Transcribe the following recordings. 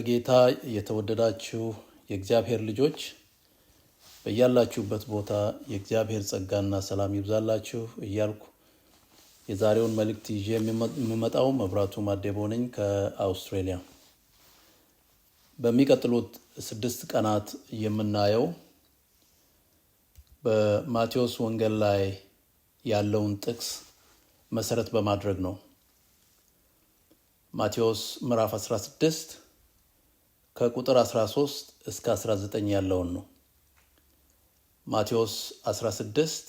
በጌታ የተወደዳችሁ የእግዚአብሔር ልጆች በያላችሁበት ቦታ የእግዚአብሔር ጸጋና ሰላም ይብዛላችሁ እያልኩ የዛሬውን መልእክት ይዤ የሚመጣው መብራቱ ማደቦ ነኝ ከአውስትሬሊያ። በሚቀጥሉት ስድስት ቀናት የምናየው በማቴዎስ ወንጌል ላይ ያለውን ጥቅስ መሰረት በማድረግ ነው። ማቴዎስ ምዕራፍ 16 ከቁጥር 13 እስከ 19 ያለውን ነው። ማቴዎስ 16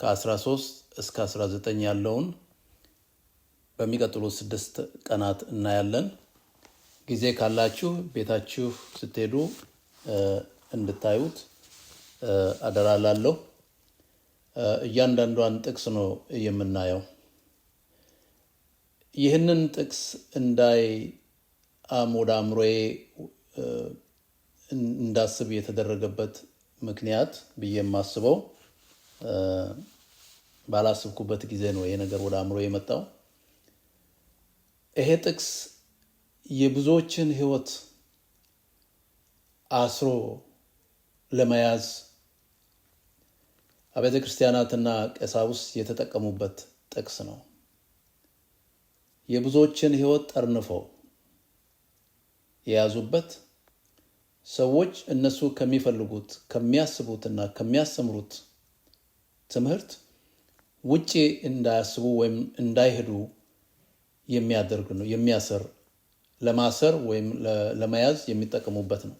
ከ13 እስከ 19 ያለውን በሚቀጥሉት ስድስት ቀናት እናያለን። ጊዜ ካላችሁ ቤታችሁ ስትሄዱ እንድታዩት አደራላለሁ እያንዳንዷን ጥቅስ ነው የምናየው። ይህንን ጥቅስ እንዳይ ወደ አእምሮዬ እንዳስብ የተደረገበት ምክንያት ብዬ የማስበው ባላስብኩበት ጊዜ ነው ይሄ ነገር ወደ አእምሮ የመጣው። ይሄ ጥቅስ የብዙዎችን ሕይወት አስሮ ለመያዝ አብያተ ክርስቲያናትና ቀሳውስት የተጠቀሙበት ጥቅስ ነው። የብዙዎችን ሕይወት ጠርንፈው የያዙበት ሰዎች እነሱ ከሚፈልጉት ከሚያስቡትና ከሚያስተምሩት ትምህርት ውጭ እንዳያስቡ ወይም እንዳይሄዱ የሚያደርግ ነው። የሚያሰር ለማሰር ወይም ለመያዝ የሚጠቀሙበት ነው።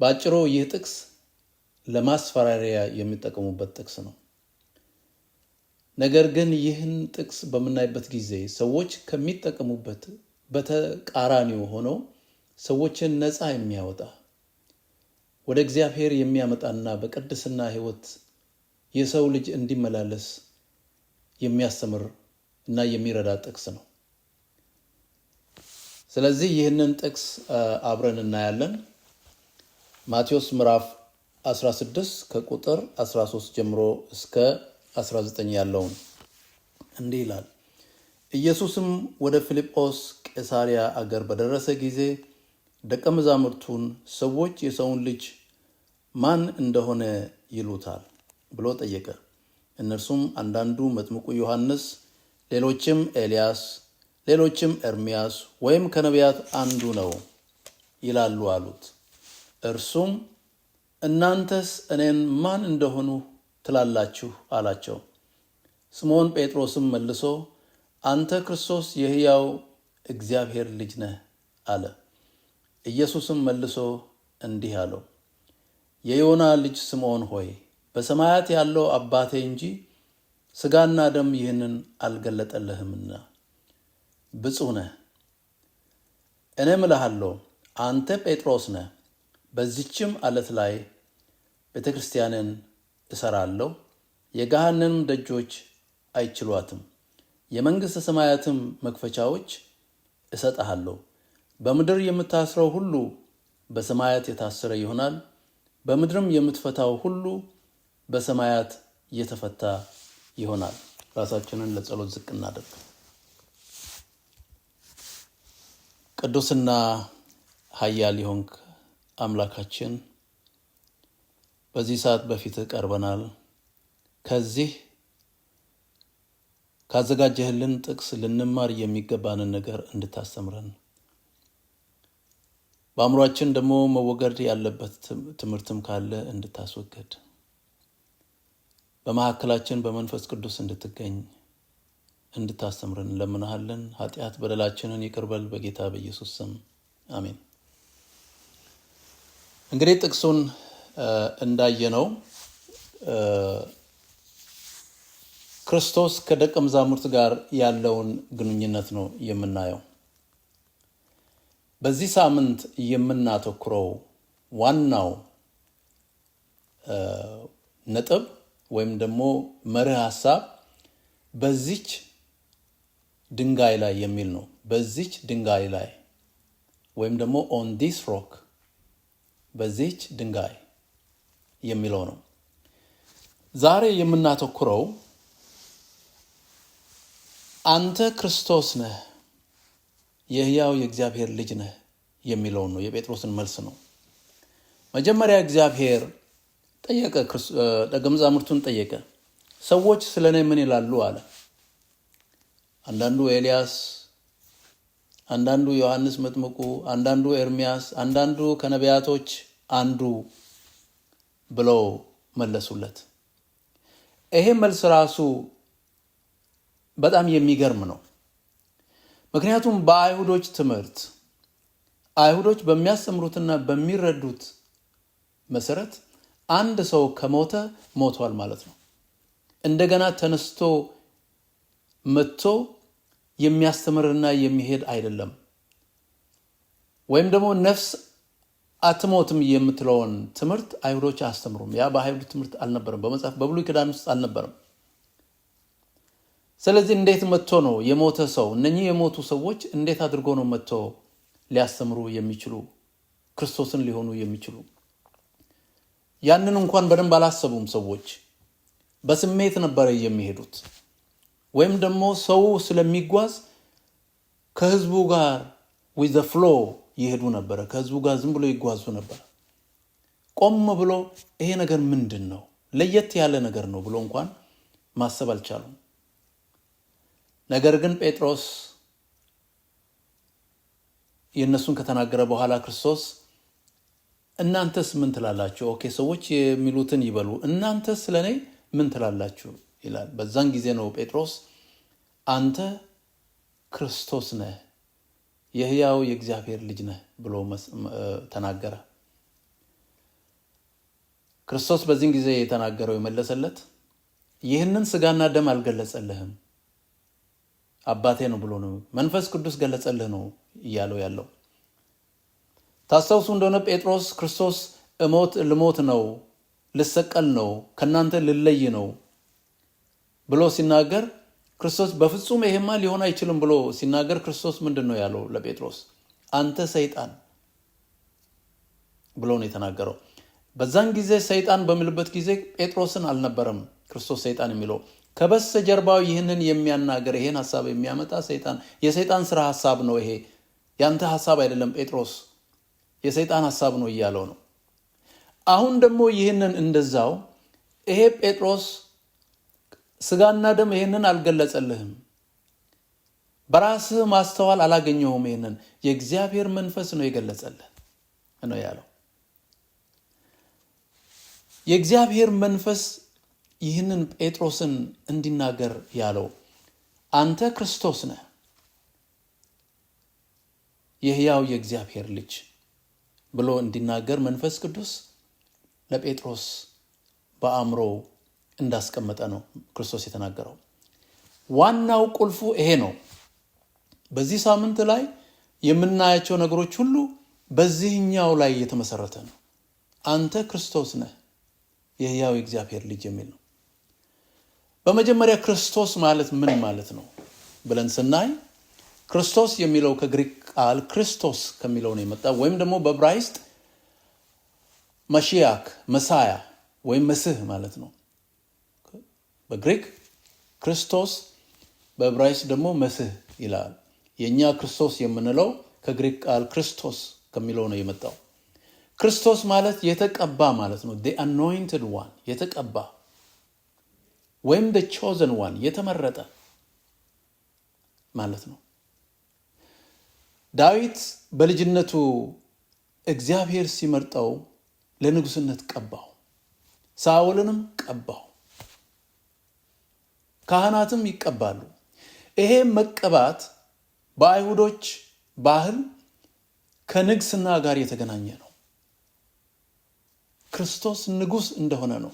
በአጭሩ ይህ ጥቅስ ለማስፈራሪያ የሚጠቀሙበት ጥቅስ ነው። ነገር ግን ይህን ጥቅስ በምናይበት ጊዜ ሰዎች ከሚጠቀሙበት በተቃራኒው ሆኖ ሰዎችን ነፃ የሚያወጣ ወደ እግዚአብሔር የሚያመጣና በቅድስና ህይወት የሰው ልጅ እንዲመላለስ የሚያስተምር እና የሚረዳ ጥቅስ ነው። ስለዚህ ይህንን ጥቅስ አብረን እናያለን። ማቴዎስ ምዕራፍ 16 ከቁጥር 13 ጀምሮ እስከ 19 ያለውን እንዲህ ይላል። ኢየሱስም ወደ ፊልጶስ ቄሳሪያ አገር በደረሰ ጊዜ ደቀ መዛሙርቱን ሰዎች የሰውን ልጅ ማን እንደሆነ ይሉታል ብሎ ጠየቀ። እነርሱም አንዳንዱ መጥምቁ ዮሐንስ፣ ሌሎችም ኤልያስ፣ ሌሎችም ኤርምያስ ወይም ከነቢያት አንዱ ነው ይላሉ አሉት። እርሱም እናንተስ እኔን ማን እንደሆኑ ትላላችሁ አላቸው። ስምዖን ጴጥሮስም መልሶ አንተ ክርስቶስ የሕያው እግዚአብሔር ልጅ ነህ አለ። ኢየሱስም መልሶ እንዲህ አለው፣ የዮና ልጅ ስምዖን ሆይ በሰማያት ያለው አባቴ እንጂ ሥጋና ደም ይህንን አልገለጠልህምና ብፁህ ነህ። እኔም እልሃለሁ አንተ ጴጥሮስ ነህ፣ በዚችም አለት ላይ ቤተ ክርስቲያንን እሰራለሁ፣ የገሃነም ደጆች አይችሏትም። የመንግሥተ ሰማያትም መክፈቻዎች እሰጥሃለሁ። በምድር የምታስረው ሁሉ በሰማያት የታሰረ ይሆናል፣ በምድርም የምትፈታው ሁሉ በሰማያት የተፈታ ይሆናል። ራሳችንን ለጸሎት ዝቅ እናደርግ። ቅዱስና ኃያል የሆንክ አምላካችን በዚህ ሰዓት በፊትህ ቀርበናል። ከዚህ ካዘጋጀህልን ጥቅስ ልንማር የሚገባንን ነገር እንድታስተምረን በአእምሯችን ደግሞ መወገድ ያለበት ትምህርትም ካለ እንድታስወገድ በመካከላችን በመንፈስ ቅዱስ እንድትገኝ እንድታስተምርን ለምናሃለን ኃጢአት በደላችንን ይቅርበል በጌታ በኢየሱስ ስም አሜን። እንግዲህ ጥቅሱን እንዳየ ነው። ክርስቶስ ከደቀ መዛሙርት ጋር ያለውን ግንኙነት ነው የምናየው። በዚህ ሳምንት የምናተኩረው ዋናው ነጥብ ወይም ደግሞ መርህ ሀሳብ በዚች ድንጋይ ላይ የሚል ነው። በዚች ድንጋይ ላይ ወይም ደግሞ ኦን ዲስ ሮክ በዚች ድንጋይ የሚለው ነው። ዛሬ የምናተኩረው አንተ ክርስቶስ ነህ የህያው የእግዚአብሔር ልጅ ነህ የሚለውን ነው፣ የጴጥሮስን መልስ ነው። መጀመሪያ እግዚአብሔር ጠየቀ፣ ደቀ መዛሙርቱን ጠየቀ። ሰዎች ስለ እኔ ምን ይላሉ አለ። አንዳንዱ ኤልያስ፣ አንዳንዱ ዮሐንስ መጥምቁ፣ አንዳንዱ ኤርሚያስ፣ አንዳንዱ ከነቢያቶች አንዱ ብለው መለሱለት። ይሄ መልስ ራሱ በጣም የሚገርም ነው። ምክንያቱም በአይሁዶች ትምህርት አይሁዶች በሚያስተምሩትና በሚረዱት መሰረት አንድ ሰው ከሞተ ሞቷል ማለት ነው። እንደገና ተነስቶ መጥቶ የሚያስተምርና የሚሄድ አይደለም። ወይም ደግሞ ነፍስ አትሞትም የምትለውን ትምህርት አይሁዶች አያስተምሩም። ያ በአይሁድ ትምህርት አልነበረም፣ በመጽሐፍ በብሉይ ኪዳን ውስጥ አልነበረም። ስለዚህ እንዴት መጥቶ ነው የሞተ ሰው እነኚህ የሞቱ ሰዎች እንዴት አድርጎ ነው መጥቶ ሊያስተምሩ የሚችሉ ክርስቶስን ሊሆኑ የሚችሉ? ያንን እንኳን በደንብ አላሰቡም ሰዎች። በስሜት ነበረ የሚሄዱት ወይም ደግሞ ሰው ስለሚጓዝ ከህዝቡ ጋር ዊዝ ፍሎ ይሄዱ ነበረ። ከህዝቡ ጋር ዝም ብሎ ይጓዙ ነበር። ቆም ብሎ ይሄ ነገር ምንድን ነው ለየት ያለ ነገር ነው ብሎ እንኳን ማሰብ አልቻሉም። ነገር ግን ጴጥሮስ የእነሱን ከተናገረ በኋላ ክርስቶስ እናንተስ ምን ትላላችሁ? ኦኬ ሰዎች የሚሉትን ይበሉ፣ እናንተስ ስለ እኔ ምን ትላላችሁ ይላል። በዛን ጊዜ ነው ጴጥሮስ አንተ ክርስቶስ ነህ፣ የህያው የእግዚአብሔር ልጅ ነህ ብሎ ተናገረ። ክርስቶስ በዚህን ጊዜ የተናገረው የመለሰለት ይህንን ስጋና ደም አልገለጸልህም አባቴ ነው ብሎ ነው መንፈስ ቅዱስ ገለጸልህ ነው እያለው ያለው። ታስታውሱ እንደሆነ ጴጥሮስ ክርስቶስ እሞት ልሞት ነው ልሰቀል ነው ከእናንተ ልለይ ነው ብሎ ሲናገር ክርስቶስ በፍጹም ይሄማ ሊሆን አይችልም ብሎ ሲናገር ክርስቶስ ምንድን ነው ያለው ለጴጥሮስ? አንተ ሰይጣን ብሎ ነው የተናገረው። በዛን ጊዜ ሰይጣን በሚልበት ጊዜ ጴጥሮስን አልነበረም ክርስቶስ ሰይጣን የሚለው ከበስተጀርባው ይህንን የሚያናገር ይሄን ሀሳብ የሚያመጣ ሰይጣን የሰይጣን ስራ ሀሳብ ነው። ይሄ ያንተ ሀሳብ አይደለም ጴጥሮስ፣ የሰይጣን ሀሳብ ነው እያለው ነው። አሁን ደግሞ ይህንን እንደዛው ይሄ ጴጥሮስ ስጋና ደም ይህንን አልገለጸልህም፣ በራስህ ማስተዋል አላገኘሁም፣ ይህንን የእግዚአብሔር መንፈስ ነው የገለጸልህ ነው ያለው። የእግዚአብሔር መንፈስ ይህንን ጴጥሮስን እንዲናገር ያለው አንተ ክርስቶስ ነህ የሕያው የእግዚአብሔር ልጅ ብሎ እንዲናገር መንፈስ ቅዱስ ለጴጥሮስ በአእምሮ እንዳስቀመጠ ነው ክርስቶስ የተናገረው። ዋናው ቁልፉ ይሄ ነው። በዚህ ሳምንት ላይ የምናያቸው ነገሮች ሁሉ በዚህኛው ላይ የተመሰረተ ነው። አንተ ክርስቶስ ነህ የሕያው የእግዚአብሔር ልጅ የሚል ነው። በመጀመሪያ ክርስቶስ ማለት ምን ማለት ነው ብለን ስናይ ክርስቶስ የሚለው ከግሪክ ቃል ክርስቶስ ከሚለው ነው የመጣ ወይም ደግሞ በብራይስጥ መሺያክ መሳያ ወይም መስህ ማለት ነው። በግሪክ ክርስቶስ በዕብራይስጥ ደግሞ መስህ ይላል። የእኛ ክርስቶስ የምንለው ከግሪክ ቃል ክርስቶስ ከሚለው ነው የመጣው። ክርስቶስ ማለት የተቀባ ማለት ነው። አኖይንትድ ዋን የተቀባ ወይም ደ ቾዘን ዋን የተመረጠ ማለት ነው። ዳዊት በልጅነቱ እግዚአብሔር ሲመርጠው ለንጉስነት ቀባው፣ ሳውልንም ቀባው፣ ካህናትም ይቀባሉ። ይሄ መቀባት በአይሁዶች ባህል ከንግስና ጋር የተገናኘ ነው። ክርስቶስ ንጉስ እንደሆነ ነው።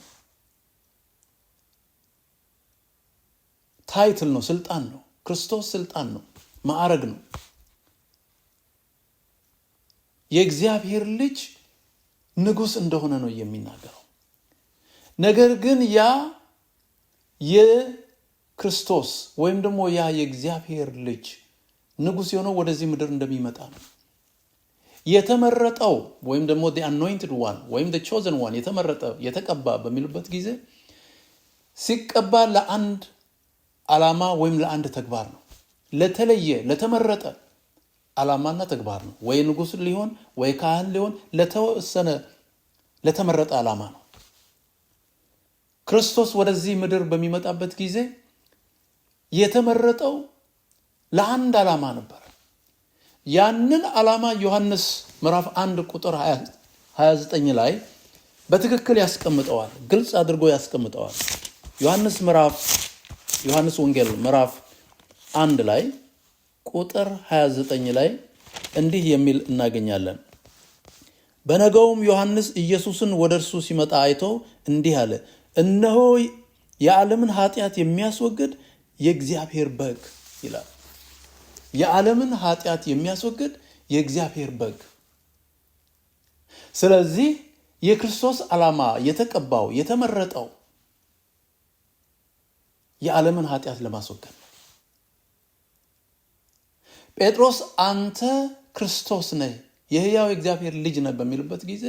ታይትል ነው፣ ስልጣን ነው። ክርስቶስ ስልጣን ነው፣ ማዕረግ ነው። የእግዚአብሔር ልጅ ንጉሥ እንደሆነ ነው የሚናገረው። ነገር ግን ያ የክርስቶስ ወይም ደግሞ ያ የእግዚአብሔር ልጅ ንጉሥ የሆነው ወደዚህ ምድር እንደሚመጣ ነው የተመረጠው ወይም ደግሞ አኖይንትድ ዋን ወይም ቾዘን ዋን የተመረጠ የተቀባ በሚሉበት ጊዜ ሲቀባ ለአንድ ዓላማ ወይም ለአንድ ተግባር ነው። ለተለየ ለተመረጠ ዓላማና ተግባር ነው። ወይ ንጉሥ ሊሆን ወይ ካህን ሊሆን ለተወሰነ ለተመረጠ ዓላማ ነው። ክርስቶስ ወደዚህ ምድር በሚመጣበት ጊዜ የተመረጠው ለአንድ ዓላማ ነበር። ያንን ዓላማ ዮሐንስ ምዕራፍ 1 ቁጥር 29 ላይ በትክክል ያስቀምጠዋል፣ ግልጽ አድርጎ ያስቀምጠዋል። ዮሐንስ ምዕራፍ ዮሐንስ ወንጌል ምዕራፍ አንድ ላይ ቁጥር 29 ላይ እንዲህ የሚል እናገኛለን። በነገውም ዮሐንስ ኢየሱስን ወደ እርሱ ሲመጣ አይቶ እንዲህ አለ፣ እነሆ የዓለምን ኃጢአት የሚያስወግድ የእግዚአብሔር በግ ይላል። የዓለምን ኃጢአት የሚያስወግድ የእግዚአብሔር በግ። ስለዚህ የክርስቶስ ዓላማ የተቀባው የተመረጠው የዓለምን ኃጢአት ለማስወገድ ነው። ጴጥሮስ አንተ ክርስቶስ ነህ የህያው እግዚአብሔር ልጅ ነህ በሚልበት ጊዜ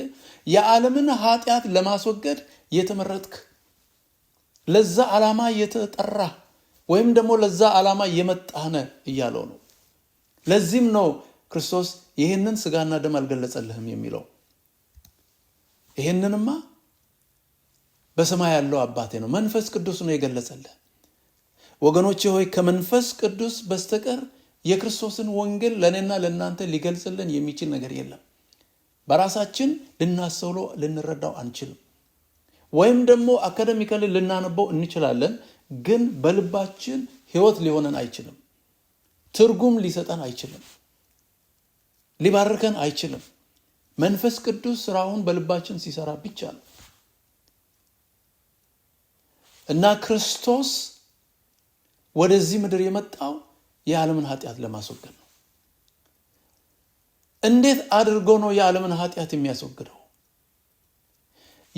የዓለምን ኃጢአት ለማስወገድ የተመረጥክ ለዛ ዓላማ የተጠራ ወይም ደግሞ ለዛ ዓላማ የመጣነ እያለው ነው። ለዚህም ነው ክርስቶስ ይህንን ስጋና ደም አልገለጸልህም የሚለው። ይህንንማ በሰማይ ያለው አባቴ ነው መንፈስ ቅዱስ ነው የገለጸልህ ወገኖቼ ሆይ ከመንፈስ ቅዱስ በስተቀር የክርስቶስን ወንጌል ለእኔና ለእናንተ ሊገልጽልን የሚችል ነገር የለም። በራሳችን ልናሰውሎ ልንረዳው አንችልም። ወይም ደግሞ አካደሚካል ልናነበው እንችላለን፣ ግን በልባችን ህይወት ሊሆነን አይችልም። ትርጉም ሊሰጠን አይችልም። ሊባርከን አይችልም። መንፈስ ቅዱስ ስራውን በልባችን ሲሰራ ብቻ ነው እና ክርስቶስ ወደዚህ ምድር የመጣው የዓለምን ኃጢአት ለማስወገድ ነው። እንዴት አድርጎ ነው የዓለምን ኃጢአት የሚያስወግደው?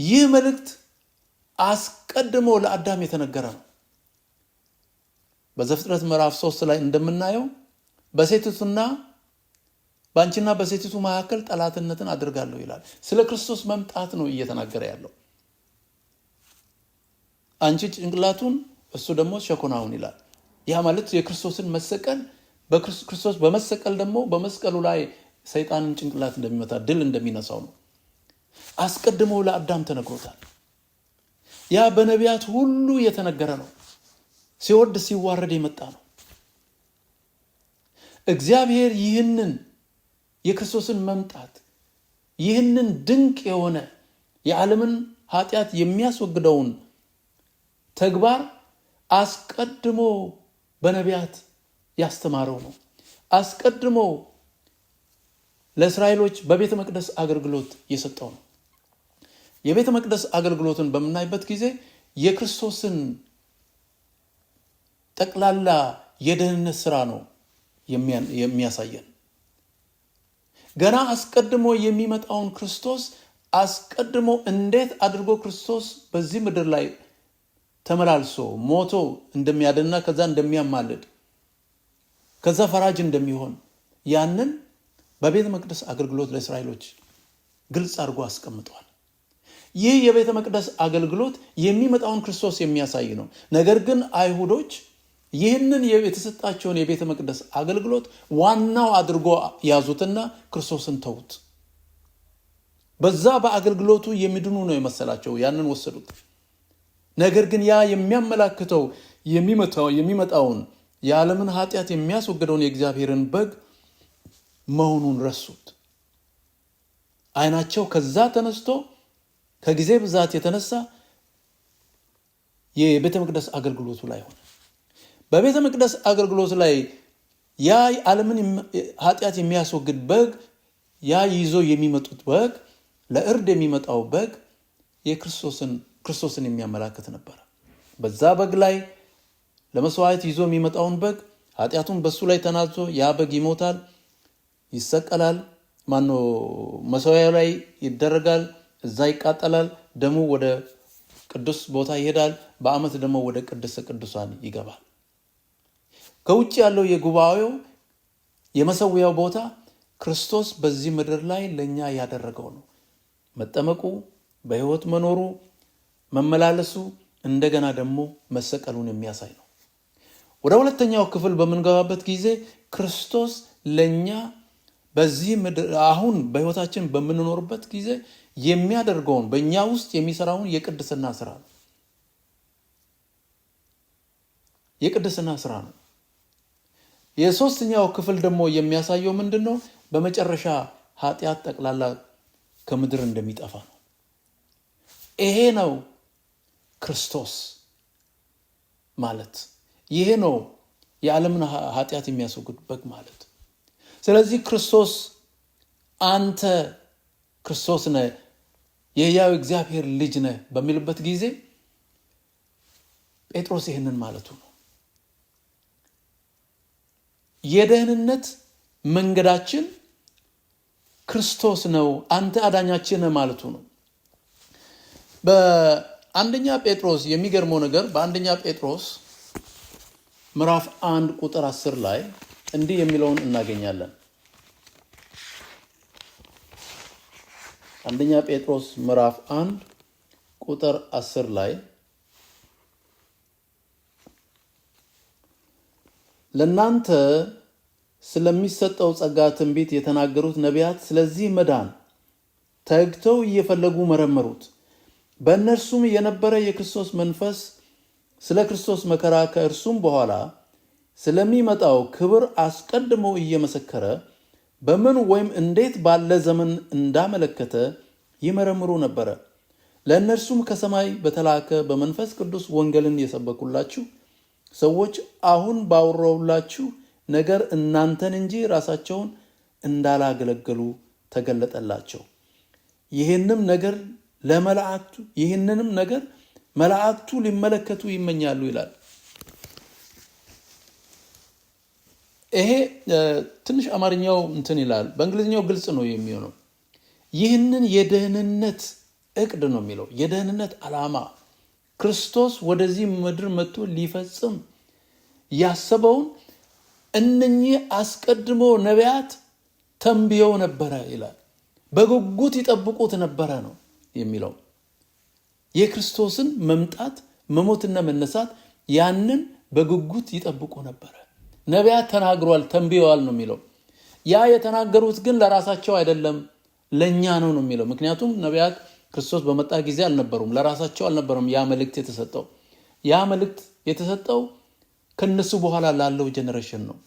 ይህ መልእክት አስቀድሞ ለአዳም የተነገረ ነው። በዘፍጥረት ምዕራፍ ሶስት ላይ እንደምናየው በሴቲቱና በአንቺና በሴቲቱ መካከል ጠላትነትን አድርጋለሁ ይላል። ስለ ክርስቶስ መምጣት ነው እየተናገረ ያለው። አንቺ ጭንቅላቱን እሱ ደግሞ ሸኮናውን ይላል። ያ ማለት የክርስቶስን መሰቀል ክርስቶስ በመሰቀል ደግሞ በመስቀሉ ላይ ሰይጣንን ጭንቅላት እንደሚመታ ድል እንደሚነሳው ነው። አስቀድሞ ለአዳም ተነግሮታል። ያ በነቢያት ሁሉ የተነገረ ነው። ሲወድ ሲዋረድ የመጣ ነው። እግዚአብሔር ይህንን የክርስቶስን መምጣት ይህንን ድንቅ የሆነ የዓለምን ኃጢአት የሚያስወግደውን ተግባር አስቀድሞ በነቢያት ያስተማረው ነው። አስቀድሞ ለእስራኤሎች በቤተ መቅደስ አገልግሎት የሰጠው ነው። የቤተ መቅደስ አገልግሎትን በምናይበት ጊዜ የክርስቶስን ጠቅላላ የደህንነት ስራ ነው የሚያሳየን። ገና አስቀድሞ የሚመጣውን ክርስቶስ አስቀድሞ እንዴት አድርጎ ክርስቶስ በዚህ ምድር ላይ ተመላልሶ ሞቶ እንደሚያደና ከዛ እንደሚያማልድ ከዛ ፈራጅ እንደሚሆን ያንን በቤተ መቅደስ አገልግሎት ለእስራኤሎች ግልጽ አድርጎ አስቀምጠዋል። ይህ የቤተ መቅደስ አገልግሎት የሚመጣውን ክርስቶስ የሚያሳይ ነው። ነገር ግን አይሁዶች ይህንን የተሰጣቸውን የቤተ መቅደስ አገልግሎት ዋናው አድርጎ ያዙትና ክርስቶስን ተዉት። በዛ በአገልግሎቱ የሚድኑ ነው የመሰላቸው። ያንን ወሰዱት። ነገር ግን ያ የሚያመላክተው የሚመጣውን የዓለምን ኃጢአት የሚያስወግደውን የእግዚአብሔርን በግ መሆኑን ረሱት። አይናቸው ከዛ ተነስቶ ከጊዜ ብዛት የተነሳ የቤተ መቅደስ አገልግሎቱ ላይ ሆነ። በቤተ መቅደስ አገልግሎት ላይ ያ ዓለምን ኃጢአት የሚያስወግድ በግ ያ ይዞ የሚመጡት በግ ለእርድ የሚመጣው በግ የክርስቶስን ክርስቶስን የሚያመላክት ነበረ። በዛ በግ ላይ ለመስዋዕት ይዞ የሚመጣውን በግ ኃጢአቱን በሱ ላይ ተናዞ ያ በግ ይሞታል፣ ይሰቀላል፣ ማኖ መሰዊያ ላይ ይደረጋል፣ እዛ ይቃጠላል፣ ደሙ ወደ ቅዱስ ቦታ ይሄዳል። በአመት ደግሞ ወደ ቅድስተ ቅዱሳን ይገባል። ከውጭ ያለው የጉባኤው የመሰዊያው ቦታ ክርስቶስ በዚህ ምድር ላይ ለእኛ ያደረገው ነው። መጠመቁ፣ በህይወት መኖሩ መመላለሱ እንደገና ደግሞ መሰቀሉን የሚያሳይ ነው። ወደ ሁለተኛው ክፍል በምንገባበት ጊዜ ክርስቶስ ለእኛ በዚህ ምድር አሁን በህይወታችን በምንኖርበት ጊዜ የሚያደርገውን በእኛ ውስጥ የሚሰራውን የቅድስና ስራ ነው። የቅድስና ስራ ነው። የሶስተኛው ክፍል ደግሞ የሚያሳየው ምንድን ነው? በመጨረሻ ኃጢአት ጠቅላላ ከምድር እንደሚጠፋ ነው። ይሄ ነው ክርስቶስ ማለት ይሄ ነው። የዓለምን ኃጢአት የሚያስወግድ በግ ማለት። ስለዚህ ክርስቶስ አንተ ክርስቶስ ነ የያው እግዚአብሔር ልጅ ነ በሚልበት ጊዜ ጴጥሮስ ይህንን ማለቱ ነው። የደህንነት መንገዳችን ክርስቶስ ነው፣ አንተ አዳኛችን ማለቱ ነው። አንደኛ ጴጥሮስ የሚገርመው ነገር በአንደኛ ጴጥሮስ ምዕራፍ አንድ ቁጥር አስር ላይ እንዲህ የሚለውን እናገኛለን። አንደኛ ጴጥሮስ ምዕራፍ አንድ ቁጥር አስር ላይ ለእናንተ ስለሚሰጠው ጸጋ ትንቢት የተናገሩት ነቢያት ስለዚህ መዳን ተግተው እየፈለጉ መረመሩት በእነርሱም የነበረ የክርስቶስ መንፈስ ስለ ክርስቶስ መከራ ከእርሱም በኋላ ስለሚመጣው ክብር አስቀድሞ እየመሰከረ በምን ወይም እንዴት ባለ ዘመን እንዳመለከተ ይመረምሩ ነበረ። ለእነርሱም ከሰማይ በተላከ በመንፈስ ቅዱስ ወንጌልን የሰበኩላችሁ ሰዎች አሁን ባወራሁላችሁ ነገር እናንተን እንጂ ራሳቸውን እንዳላገለገሉ ተገለጠላቸው። ይህንም ነገር ለመላእክቱ ይህንንም ነገር መላእክቱ ሊመለከቱ ይመኛሉ ይላል። ይሄ ትንሽ አማርኛው እንትን ይላል። በእንግሊዝኛው ግልጽ ነው የሚሆነው። ይህንን የደህንነት እቅድ ነው የሚለው የደህንነት አላማ ክርስቶስ ወደዚህ ምድር መጥቶ ሊፈጽም ያሰበውን እነኚህ አስቀድሞ ነቢያት ተንብየው ነበረ ይላል። በጉጉት ይጠብቁት ነበረ ነው የሚለው የክርስቶስን መምጣት መሞትና መነሳት ያንን በጉጉት ይጠብቁ ነበረ። ነቢያት ተናግሯል፣ ተንብየዋል ነው የሚለው። ያ የተናገሩት ግን ለራሳቸው አይደለም ለእኛ ነው ነው የሚለው። ምክንያቱም ነቢያት ክርስቶስ በመጣ ጊዜ አልነበሩም፣ ለራሳቸው አልነበረም ያ መልእክት የተሰጠው። ያ መልእክት የተሰጠው ከነሱ በኋላ ላለው ጀኔሬሽን ነው።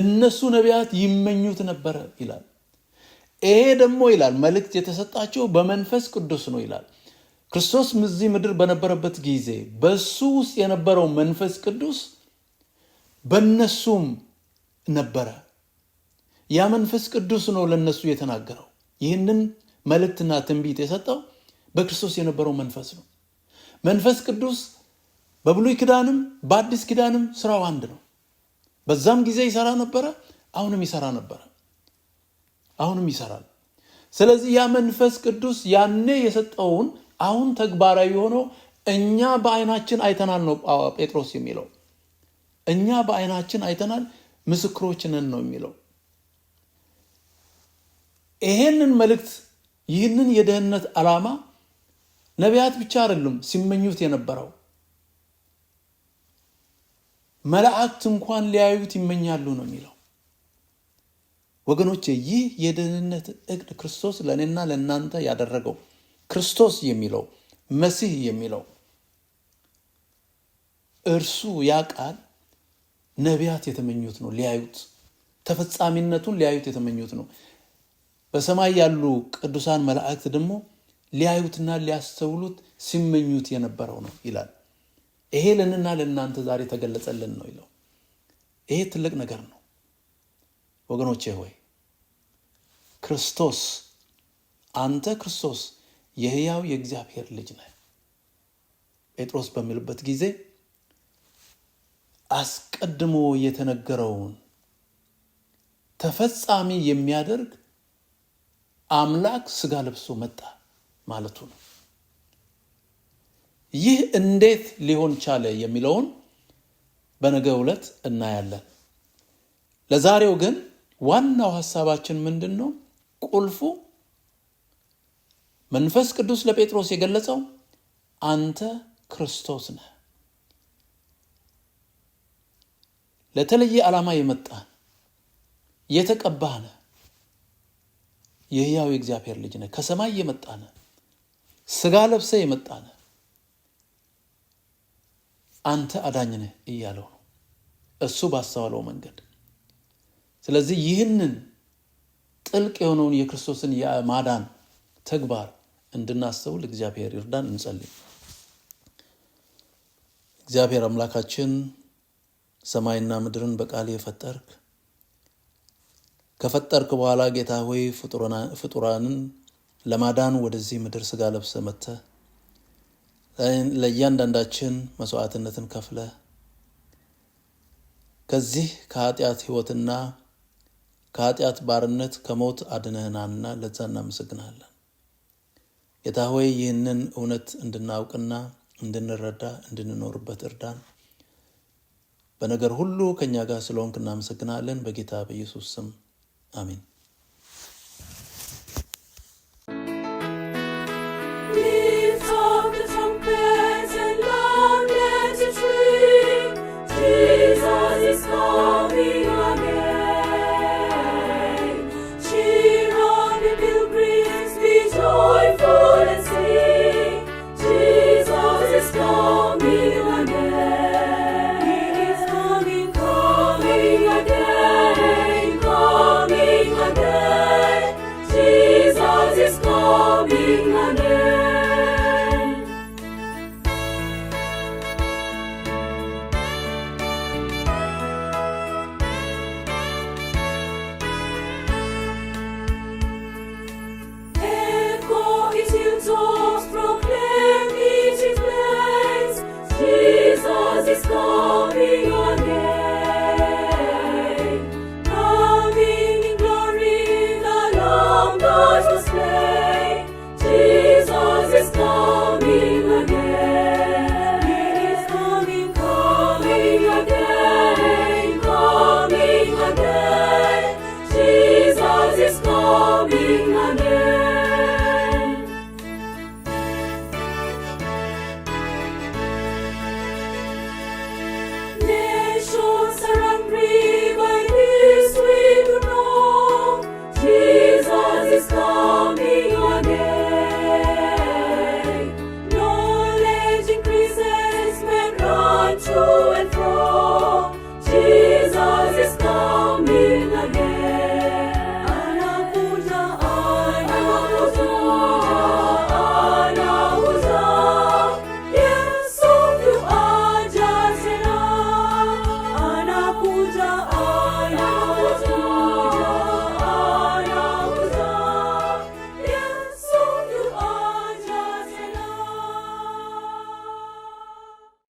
እነሱ ነቢያት ይመኙት ነበረ ይላል ይሄ ደግሞ ይላል መልእክት የተሰጣቸው በመንፈስ ቅዱስ ነው ይላል። ክርስቶስ እዚህ ምድር በነበረበት ጊዜ በሱ ውስጥ የነበረው መንፈስ ቅዱስ በነሱም ነበረ። ያ መንፈስ ቅዱስ ነው ለነሱ የተናገረው። ይህንን መልእክትና ትንቢት የሰጠው በክርስቶስ የነበረው መንፈስ ነው። መንፈስ ቅዱስ በብሉይ ኪዳንም በአዲስ ኪዳንም ስራው አንድ ነው። በዛም ጊዜ ይሰራ ነበረ፣ አሁንም ይሰራ ነበረ። አሁንም ይሰራል። ስለዚህ ያ መንፈስ ቅዱስ ያኔ የሰጠውን አሁን ተግባራዊ ሆኖ እኛ በዓይናችን አይተናል ነው ጴጥሮስ የሚለው። እኛ በዓይናችን አይተናል ምስክሮችንን ነው የሚለው። ይሄንን መልእክት ይህንን የደህንነት ዓላማ ነቢያት ብቻ አይደሉም ሲመኙት የነበረው መላእክት እንኳን ሊያዩት ይመኛሉ ነው የሚለው። ወገኖቼ ይህ የደህንነት እቅድ ክርስቶስ ለእኔና ለእናንተ ያደረገው ክርስቶስ የሚለው መሲህ የሚለው እርሱ ያ ቃል ነቢያት የተመኙት ነው። ሊያዩት ተፈጻሚነቱን ሊያዩት የተመኙት ነው። በሰማይ ያሉ ቅዱሳን መላእክት ደግሞ ሊያዩትና ሊያስተውሉት ሲመኙት የነበረው ነው ይላል። ይሄ ለንና ለእናንተ ዛሬ ተገለጸልን ነው ይለው። ይሄ ትልቅ ነገር ነው። ወገኖቼ ሆይ ክርስቶስ አንተ ክርስቶስ የህያው የእግዚአብሔር ልጅ ነህ ጴጥሮስ በሚልበት ጊዜ አስቀድሞ የተነገረውን ተፈጻሚ የሚያደርግ አምላክ ስጋ ለብሶ መጣ ማለቱ ነው። ይህ እንዴት ሊሆን ቻለ የሚለውን በነገ ዕለት እናያለን። ለዛሬው ግን ዋናው ሀሳባችን ምንድን ነው? ቁልፉ መንፈስ ቅዱስ ለጴጥሮስ የገለጸው አንተ ክርስቶስ ነህ፣ ለተለየ ዓላማ የመጣህ የተቀባህ ነህ፣ የሕያው እግዚአብሔር ልጅ ነህ፣ ከሰማይ የመጣህ ነህ፣ ስጋ ለብሰህ የመጣህ ነህ፣ አንተ አዳኝ ነህ እያለው ነው እሱ ባስተዋለው መንገድ ስለዚህ ይህንን ጥልቅ የሆነውን የክርስቶስን የማዳን ተግባር እንድናስተውል እግዚአብሔር ይርዳን። እንጸልይ። እግዚአብሔር አምላካችን ሰማይና ምድርን በቃል የፈጠርክ ከፈጠርክ በኋላ ጌታ ሆይ ፍጡራንን ለማዳን ወደዚህ ምድር ስጋ ለብሰ መተ ለእያንዳንዳችን መስዋዕትነትን ከፍለ ከዚህ ከኃጢአት ህይወትና ከኃጢአት ባርነት ከሞት አድነህናና ለዛ እናመሰግናለን። ጌታ ሆይ ይህንን እውነት እንድናውቅና እንድንረዳ እንድንኖርበት እርዳን። በነገር ሁሉ ከእኛ ጋር ስለሆንክ እናመሰግናለን። በጌታ በኢየሱስ ስም አሜን።